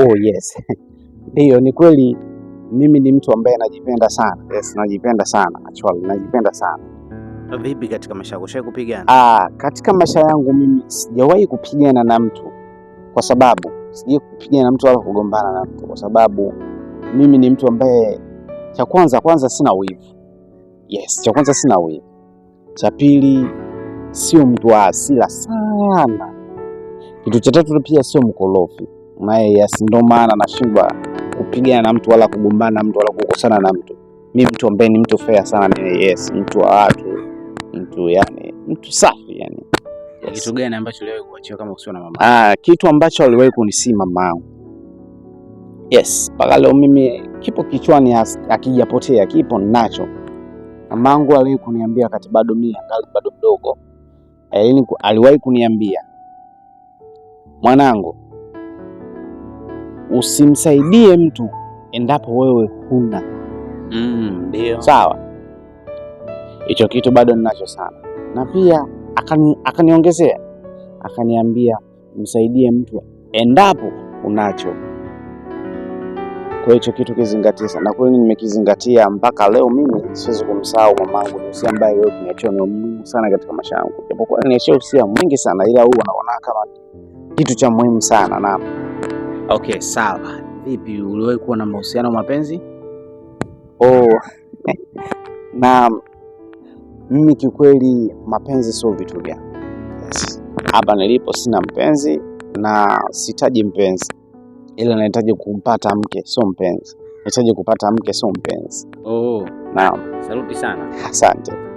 Oh yes, ndiyo ni kweli. Mimi ni mtu ambaye najipenda sana. Yes, najipenda sana actually, najipenda sana. Vipi katika maisha yako, ushawahi kupigana? Ah, katika maisha yangu mimi sijawahi kupigana na mtu kwa sababu sijawahi kupigana na mtu wala kugombana na mtu kwa sababu mimi ni mtu ambaye cha kwanza kwanza sina wivu. Yes, cha kwanza sina wivu. Cha pili sio mtu wa hasira sana. Kitu cha tatu pia sio mkorofi naye yes, ndio maana nashindwa kupigana na mtu wala kugombana na mtu wala kukosana na mtu. Mi mtu ambaye ni mtu fair sana ni yes, mtu wa watu, mtu yani, mtu safi yani. Yes. Kitu gani ambacho uliwahi kuachiwa kama usiwe na mama? Ah, kitu ambacho aliwahi kunisi mama yangu. Yes, mpaka leo mimi kipo kichwani, akijapotea kipo nacho. Mamangu aliwahi kuniambia wakati bado mimi angali bado mdogo, eh, aliwahi kuniambia mwanangu usimsaidie mtu endapo wewe huna. Mm, ndio. Mm, sawa. Hicho kitu bado ninacho sana, na pia akaniongezea akani akaniambia msaidie mtu endapo unacho. Kwa hicho kitu kizingatie sana, kweli nimekizingatia mpaka leo. Mimi siwezi kumsahau mamangu, Lucy ambaye wewe kuniachia ni muhimu sana katika maisha yangu, japokuwa niachia usia mwingi sana, ila huu anaona kama kitu cha muhimu sana na Okay, sawa. Vipi, uliwahi kuwa na mahusiano mapenzi? Oh, na mimi kiukweli mapenzi sio vitu vya hapa. Nilipo sina mpenzi na sitaji mpenzi, ila nahitaji kumpata mke, sio mpenzi. Nahitaji kupata mke, sio mpenzi. Oh, naam. Saluti sana. Asante.